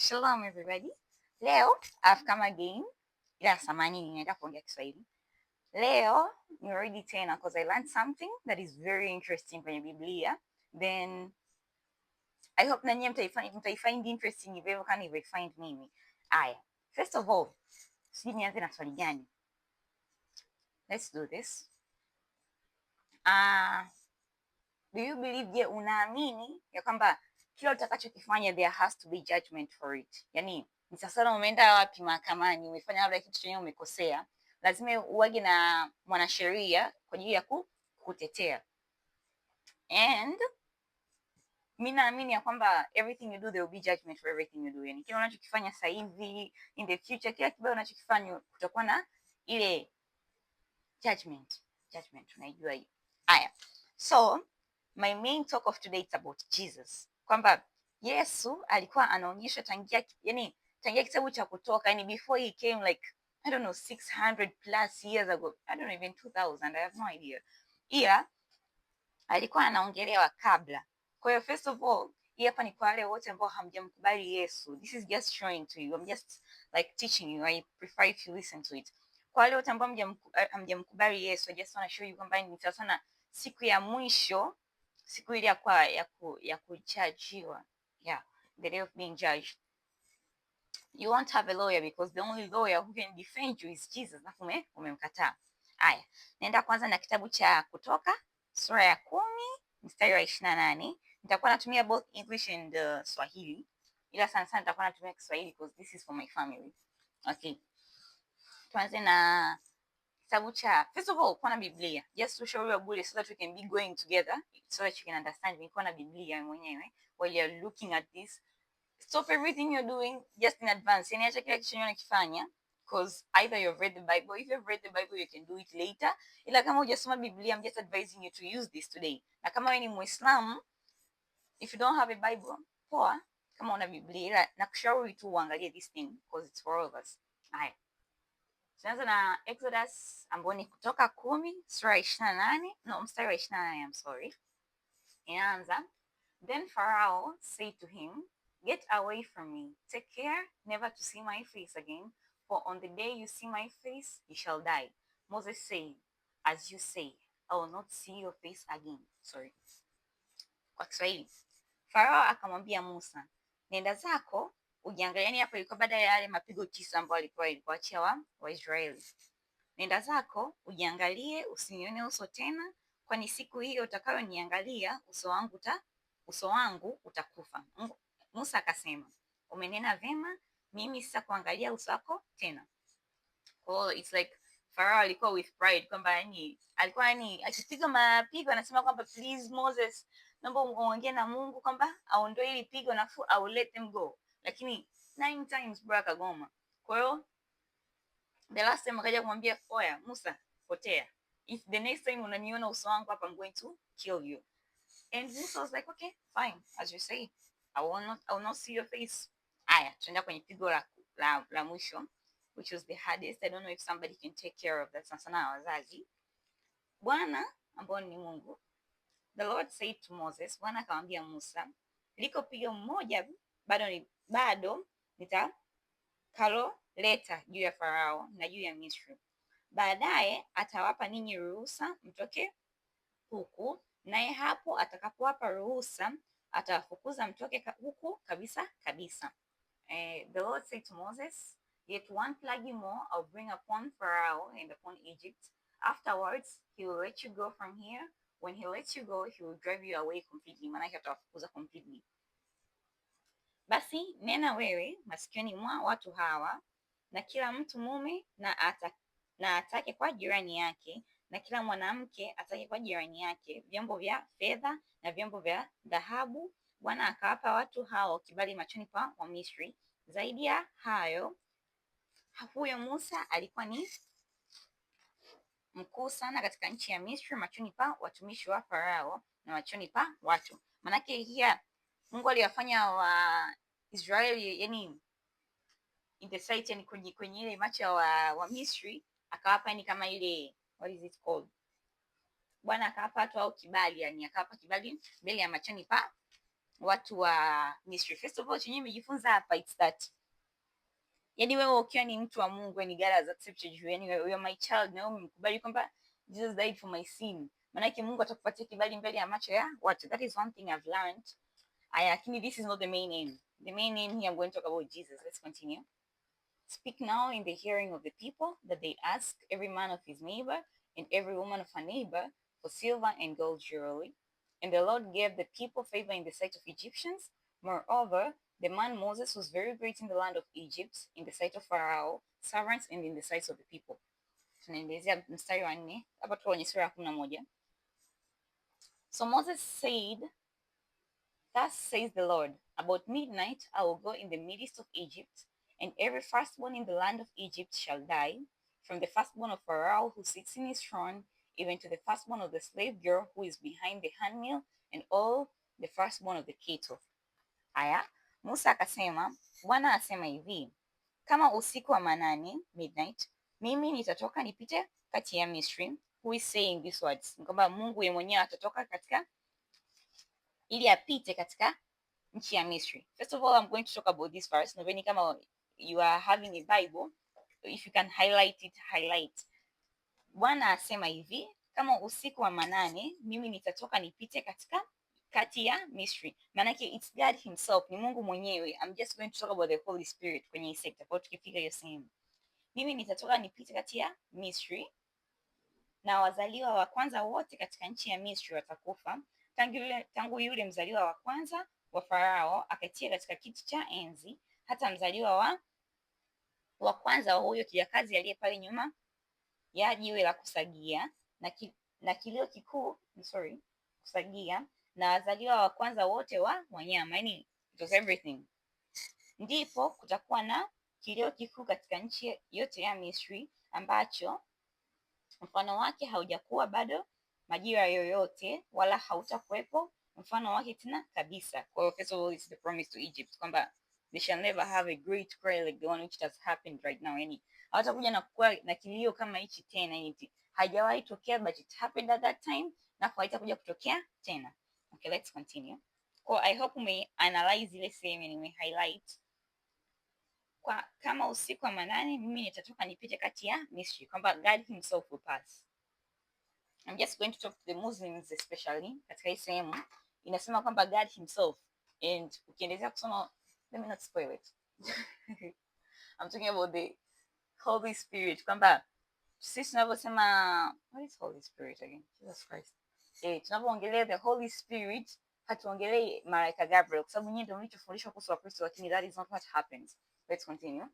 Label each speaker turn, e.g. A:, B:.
A: Shalom everybody. Leo I've come again. Ila samani ninaenda kuongea Kiswahili. Leo nimerudi tena because I learned something that is very interesting kwenye Biblia. Then I hope na nyinyi mtaifind mtaifind interesting if ever can even find mimi. Aya. First of all, sijui nianze na swali gani. Let's do this. Ah, uh, do you believe, je, unaamini ya kwamba kila utakachokifanya there has to be judgment for it. Yani ni sasa umeenda wapi mahakamani, umefanya labda kitu chenye umekosea, lazima uwage na mwanasheria kwa ajili ya kukutetea. And mimi naamini ya kwamba everything you do there will be judgment for everything you do, yani kile unachokifanya sasa hivi, in the future, kila kibao unachokifanya kutakuwa na ile judgment. Judgment unaijua hiyo. Aya, so my main talk of today is about Jesus kwamba Yesu alikuwa anaonyesha tangia yani tangia kitabu cha Kutoka, yani before he came like I don't know 600 plus years ago, I don't know even 2000, I have no idea. Ila alikuwa anaongelewa kabla. Kwa hiyo first of all, hii hapa ni kwa wale wote ambao hamjamkubali Yesu. This is just showing to you. I'm just like teaching you. I prefer if you listen to it. Kwa wale wote ambao hamjamkubali Yesu, I just want to show you kwamba nitasana siku ya mwisho siku ile ya kwa ya ku, ya kuchajiwa yeah the day of being judged you won't have a lawyer because the only lawyer who can defend you is Jesus na kume umemkataa haya naenda kwanza na kitabu cha kutoka sura ya kumi mstari wa 28 na nane nitakuwa natumia both English and uh, Swahili ila sana sana nitakuwa natumia Kiswahili because this is for my family okay tuanze na Kitabu cha first of all kuwa na Biblia, just ushauri wa bure so that we can be going together so that you can understand. Nilikuwa na Biblia mwenyewe while you're looking at this, stop everything you're doing just in advance, yani acha kila kitu unachokifanya because either you've read the Bible. If you've read the Bible, you can do it later. Ila kama hujasoma Biblia, I'm just advising you to use this today. Na kama wewe ni Muislamu, if you don't have a Bible, poa. Kama una Biblia, ila nakushauri tu uangalie this thing because it's for all of us. Haya. Tunaanza na Exodus ambao ni Kutoka kumi sura ya ishirini na nane no mstari wa ishirini na nane I'm sorry. Inaanza, Then Pharaoh said to him, Get away from me. Take care never to see my face again, for on the day you see my face, you shall die. Moses said, As you say, I will not see your face again. Sorry. Kwa Kiswahili, Farao akamwambia Musa, nenda zako ukiangalia yani hapo ilikuwa baada ya yale mapigo tisa ambayo alikuwa aliwaachia wa Waisraeli. Nenda zako ujiangalie, usinione uso tena, kwani siku hiyo utakayoniangalia uso wangu ta uso wangu utakufa. Musa akasema, umenena vema, mimi sasa kuangalia uso wako tena. Oh, it's like Farao alikuwa with pride kwamba yani alikuwa yani akipiga mapigo anasema kwamba please Moses, naomba uongee na Mungu kwamba aondoe hili pigo, nafu au let them go lakini nine times bora akagoma Kwa hiyo the last time akaja kumwambia oya, Musa potea, if the next time unaniona uso wangu hapa, I'm going to kill you. And Musa was like okay fine, as you say, I will not, I will not see your face. Aya, tunaenda kwenye pigo la, la, la mwisho which was the hardest. I don't know if somebody can take care of that, sana sana wazazi. Bwana ambao ni Mungu, the Lord said to Moses, Bwana akamwambia Musa, liko pigo mmoja bado ni bado nitakaloleta juu ya Farao na juu ya Misri. Baadaye atawapa ninyi ruhusa mtoke huku, naye hapo atakapowapa ruhusa atawafukuza mtoke huku kabisa kabisa. Eh, the Lord said to Moses, yet one plague more I'll bring upon Pharaoh and upon Egypt. Afterwards he will let you go from here. When he lets you go, he will drive you away completely. Maanake atawafukuza completely. Basi nena wewe masikioni mwa watu hawa, na kila mtu mume na, ata, na atake kwa jirani yake na kila mwanamke atake kwa jirani yake vyombo vya fedha na vyombo vya dhahabu. Bwana akawapa watu hao kibali machoni pa Wamisri. Zaidi ya hayo, huyo Musa alikuwa ni mkuu sana katika nchi ya Misri machoni pa watumishi wa Farao na machoni pa watu. Manake hiya Mungu aliwafanya wa Israeli yani in the sight yani kwenye, kwenye ile macho wa, wa Misri akawapa yani kama ile what is it called? Bwana akawapa watu au kibali yani akawapa kibali mbele ya machoni pa watu wa Misri. First of all, chenye mjifunza hapa it's that yani wewe ukiwa ni mtu wa Mungu yani God has accepted you yani wewe my child na wewe mkubali kwamba Jesus died for my sin. Maanake Mungu atakupatia kibali mbele ya macho ya watu. That is one thing I've learned actually, this is not the main aim. The main aim here, I'm going to talk about Jesus. Let's continue. Speak now in the hearing of the people that they ask every man of his neighbor and every woman of her neighbor for silver and gold jewelry. And the Lord gave the people favor in the sight of Egyptians. Moreover, the man Moses was very great in the land of Egypt, in the sight of Pharaoh, servants, and in the sight of the people. So Moses said Thus says the Lord, About midnight I will go in the midst of Egypt, and every firstborn in the land of Egypt shall die, from the firstborn of Pharaoh who sits in his throne, even to the firstborn of the slave girl who is behind the handmill, and all the firstborn of the cattle. aya Musa akasema, Bwana asema hivi, kama usiku wa manane, midnight, mimi nitatoka nipite kati ya Misri. Who is saying these words? Kwamba Mungu yeye mwenyewe atatoka katika ili apite katika nchi ya Misri. First of all, I'm going to talk about this verse. veni kama you are having a Bible, if you can highlight it, highlight. Bwana asema hivi, kama usiku wa manane mimi nitatoka nipite katika kati ya Misri. Maanake it's God himself, ni Mungu mwenyewe. I'm just going to talk about the Holy Spirit kwenye hii sekta. Kwa tukifika hiyo sehemu, mimi nitatoka nipite kati ya Misri na wazaliwa wa kwanza wote katika nchi ya Misri watakufa tangu yule, tangu yule mzaliwa wa kwanza wa Farao akatia katika kiti cha enzi hata mzaliwa wa wa kwanza wa huyo kijakazi aliye pale nyuma ya jiwe la kusagia na, ki, na kilio kikuu sorry, kusagia na wazaliwa wa kwanza wote wa wanyama, yani it was everything. Ndipo kutakuwa na kilio kikuu katika nchi yote ya Misri ambacho mfano wake haujakuwa bado majira yoyote wala hautakuwepo mfano wake tena kabisa. Kwa hiyo first of all it's the promise to Egypt kwamba they shall never have a great cry like the one which has happened right now, yani hawatakuja na kuwa na kilio kama hichi tena, hivi yaani, haijawahi tokea but it happened at that time na haitakuja kutokea tena. Okay, let's continue. Kwa I hope ume analyze ile sehemu na ume highlight kwa kama usiku wa manane mimi nitatoka nipite kati ya Misri, kwamba God himself will pass I'm just going to talk to the Muslims especially katika hii sehemu inasema kwamba God himself and ukiendelea kusoma let me not spoil it I'm talking about the Holy Spirit kwamba sisi tunavyosema what is Holy Spirit again? Jesus Christ. Eh, tunavyoongelea the Holy Spirit hatuongelei malaika Gabriel kwa sababu nyinyi ndio mlichofundishwa kuhusu Wakristo lakini that is not what happens. Let's continue.